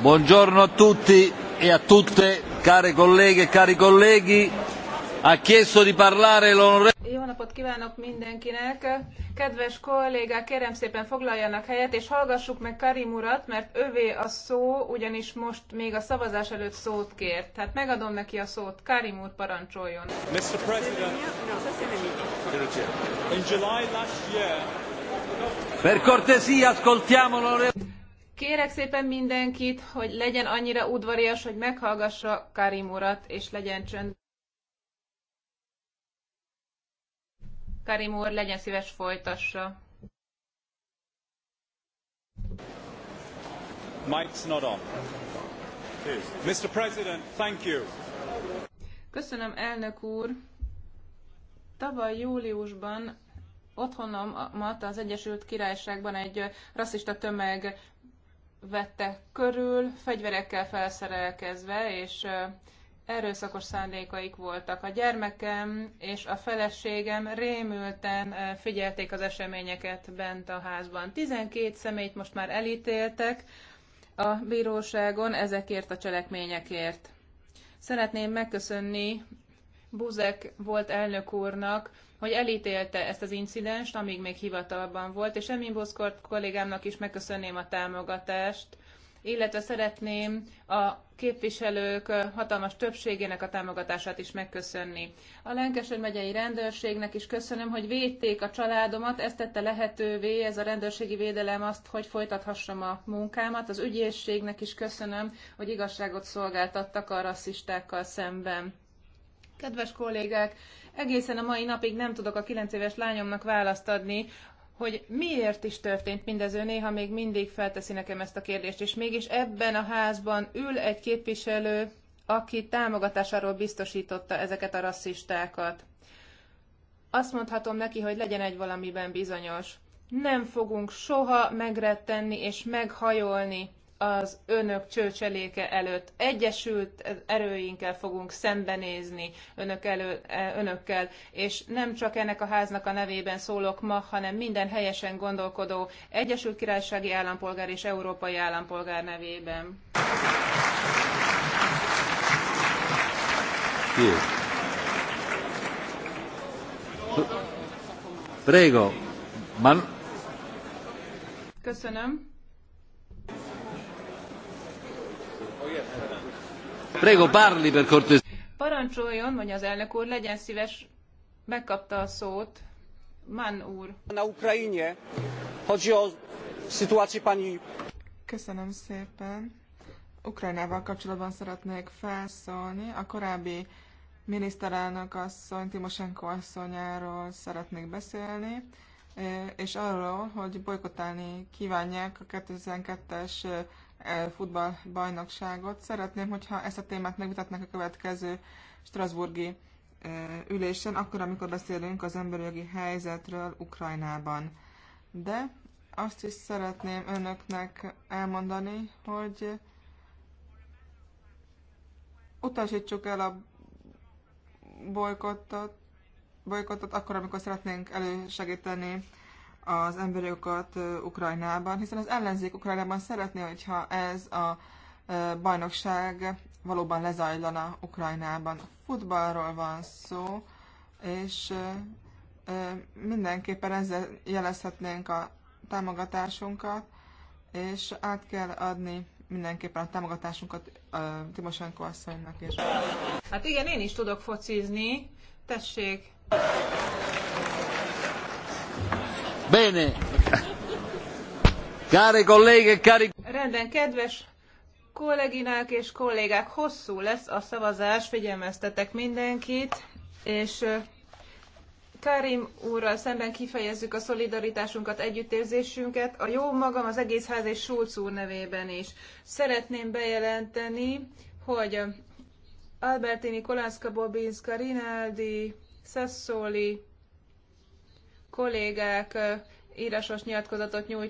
Buongiorno a tutti e a tutte, care colleghe e cari colleghi. Ha chiesto di parlare l'onorevole. Jó napot kívánok mindenkinek! Kedves kollégák, kérem szépen foglaljanak helyet, és hallgassuk meg Karim urat, mert övé a szó, ugyanis most még a szavazás előtt szót kért. Tehát megadom neki a szót. Karim úr, parancsoljon! Mr. President, in July last year, Per cortesia, Kérek szépen mindenkit, hogy legyen annyira udvarias, hogy meghallgassa Karim urat, és legyen csönd. Karim úr, legyen szíves, folytassa. Mike's not on. Mr. President, thank you. Köszönöm, elnök úr. Tavaly júliusban otthonomat az Egyesült Királyságban egy rasszista tömeg vette körül, fegyverekkel felszerelkezve, és erőszakos szándékaik voltak. A gyermekem és a feleségem rémülten figyelték az eseményeket bent a házban. 12 személyt most már elítéltek a bíróságon ezekért a cselekményekért. Szeretném megköszönni Buzek volt elnök úrnak, hogy elítélte ezt az incidenst, amíg még hivatalban volt, és Emin Boszkort kollégámnak is megköszönném a támogatást, illetve szeretném a képviselők hatalmas többségének a támogatását is megköszönni. A Lancashire megyei rendőrségnek is köszönöm, hogy védték a családomat, ezt tette lehetővé ez a rendőrségi védelem azt, hogy folytathassam a munkámat. Az ügyészségnek is köszönöm, hogy igazságot szolgáltattak a rasszistákkal szemben. Kedves kollégák, egészen a mai napig nem tudok a 9 éves lányomnak választ adni, hogy miért is történt mindez, ő néha még mindig felteszi nekem ezt a kérdést, és mégis ebben a házban ül egy képviselő, aki támogatásáról biztosította ezeket a rasszistákat. Azt mondhatom neki, hogy legyen egy valamiben bizonyos. Nem fogunk soha megrettenni és meghajolni az önök csőcseléke előtt. Egyesült erőinkkel fogunk szembenézni önök elő, e, önökkel, és nem csak ennek a háznak a nevében szólok ma, hanem minden helyesen gondolkodó Egyesült Királysági állampolgár és európai állampolgár nevében. Prego. Man... Köszönöm. Prego, parli per cortesia. Parancsoljon, mondja az elnök úr, legyen szíves, megkapta a szót. Man úr. Na Ukrajnie. Chodzi o sytuację pani... Köszönöm szépen. Ukrajnával kapcsolatban szeretnék felszólni. A korábbi miniszterelnök asszony, Timosenko asszonyáról szeretnék beszélni, és arról, hogy bolykotálni kívánják a 2012-es E, futballbajnokságot. Szeretném, hogyha ezt a témát megvitatnak a következő Strasburgi e, ülésen, akkor, amikor beszélünk az emberi jogi helyzetről Ukrajnában. De azt is szeretném önöknek elmondani, hogy utasítsuk el a bolykottat, bolykottot akkor, amikor szeretnénk elősegíteni az emberi Ukrajnában, hiszen az ellenzék Ukrajnában szeretné, hogyha ez a bajnokság valóban lezajlana Ukrajnában. Futballról van szó, és mindenképpen ezzel jelezhetnénk a támogatásunkat, és át kell adni mindenképpen a támogatásunkat a Timosenko asszonynak is. Hát igen, én is tudok focizni. Tessék! Bene. Care e cari... Rendben, kedves kolléginák és kollégák, hosszú lesz a szavazás, figyelmeztetek mindenkit, és Karim úrral szemben kifejezzük a szolidaritásunkat, együttérzésünket, a jó magam az egész ház és Schulz úr nevében is. Szeretném bejelenteni, hogy Albertini, Kolászka, Bobinska, Rinaldi, Sassoli, kollégák írásos nyilatkozatot nyújt